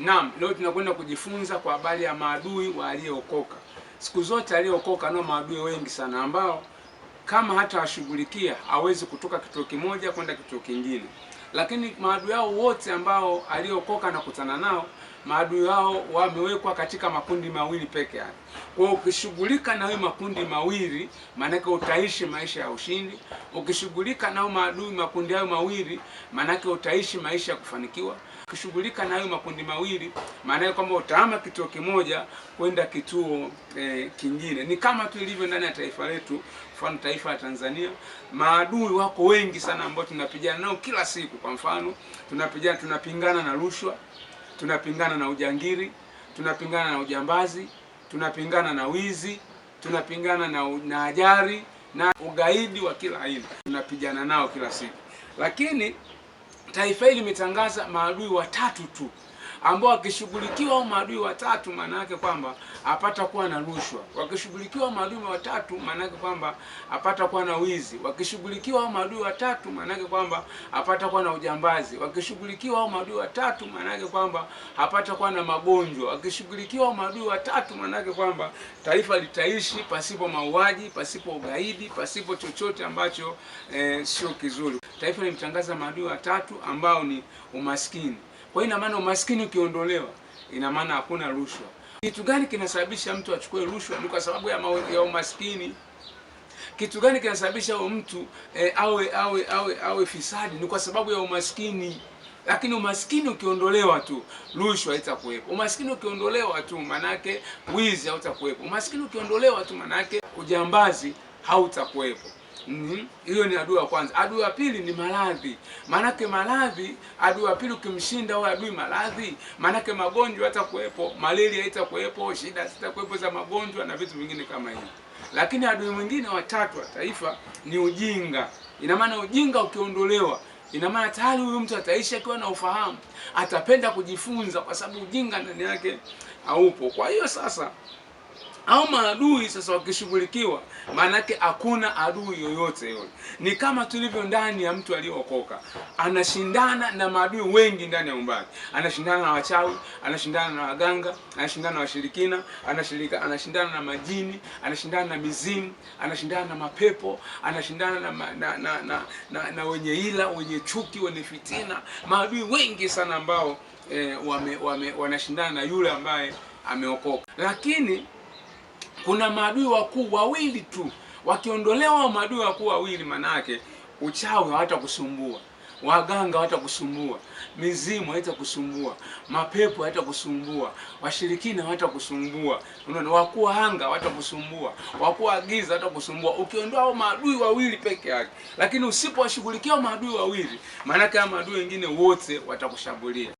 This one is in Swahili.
Naam, leo tunakwenda kujifunza kwa habari ya maadui wa aliyeokoka. Siku zote aliyeokoka nao maadui wengi sana, ambao kama hata washughulikia hawezi kutoka kituo kimoja kwenda kituo kingine, lakini maadui hao wote ambao aliyeokoka anakutana nao, maadui hao wamewekwa katika makundi mawili peke yake. Kwa hiyo ukishughulika na hayo makundi mawili, maanake utaishi maisha ya ushindi. Ukishughulika nao maadui makundi hayo mawili, maanake utaishi maisha ya kufanikiwa ukishughulika na hayo makundi mawili, maana yake kwamba utahama kituo kimoja kwenda kituo eh, kingine. Ni kama tu ilivyo ndani ya taifa letu, mfano taifa la Tanzania, maadui wako wengi sana ambao tunapigana nao kila siku. Kwa mfano tunapigana, tunapingana na rushwa, tunapingana na ujangiri, tunapingana na ujambazi, tunapingana na wizi, tunapingana na, na ajari na ugaidi wa kila aina, tunapigana nao kila siku lakini taifa hili limetangaza maadui watatu tu ambao wakishughulikiwa au maadui watatu, maana yake kwamba apata kuwa na rushwa. Wakishughulikiwa maadui watatu, maana yake kwamba apata kuwa na wizi. Wakishughulikiwa au maadui watatu, maana yake kwamba apata kuwa na ujambazi. Wakishughulikiwa au maadui watatu, maana yake kwamba apata kuwa na magonjwa. Wakishughulikiwa au maadui watatu, maana yake kwamba taifa litaishi pasipo mauaji, pasipo ugaidi, pasipo chochote ambacho eh, sio kizuri taifa limtangaza maadui watatu ambao ni umaskini. Kwa hiyo ina maana umaskini ukiondolewa, ina maana hakuna rushwa. Kitu gani kinasababisha mtu achukue rushwa? Ni kwa sababu ya, mawe, ya umaskini. Kitu gani kinasababisha huyo mtu e, awe awe awe awe fisadi? Ni kwa sababu ya umaskini. Lakini umaskini ukiondolewa tu rushwa haitakuwepo. Umaskini ukiondolewa tu manake wizi hautakuwepo. Umaskini ukiondolewa tu manake ujambazi hautakuwepo. Mm-hmm. hiyo ni adui ya kwanza. Adui ya pili ni maradhi, maanake maradhi, adui ya pili ukimshinda au adui maradhi, maanake magonjwa hatakuwepo, malaria haitakuwepo, shida zitakuwepo za magonjwa na vitu vingine kama hivyo. Lakini adui mwingine watatu wa taifa ni ujinga. Ina maana ujinga ukiondolewa ina maana tayari huyu mtu ataishi akiwa na ufahamu, atapenda kujifunza kwa sababu ujinga ndani yake haupo. Kwa hiyo sasa au maadui sasa wakishughulikiwa, maanake hakuna adui yoyote yule. Ni kama tulivyo ndani ya mtu aliyeokoka, anashindana na maadui wengi ndani ya umbali. Anashindana na wachawi, anashindana na waganga, anashindana na washirikina, anashirika, anashindana na majini, anashindana na mizimu, anashindana na mapepo, anashindana na, na, na, na, na, na, na wenye ila, wenye chuki, wenye fitina, maadui wengi sana ambao eh, wame, wame, wanashindana na yule ambaye ameokoka lakini kuna maadui wakuu wawili tu. Wakiondolewa maadui wakuu wawili, manake uchawi hawatakusumbua, waganga hawatakusumbua, mizimu haitakusumbua, mapepo hayatakusumbua, washirikina hawatakusumbua, wakuu wa anga hawatakusumbua, wakuu wa giza hawatakusumbua, ukiondoa hao maadui wawili peke yake. Lakini usipowashughulikia maadui wawili, maanake hao maadui wengine wote watakushambulia.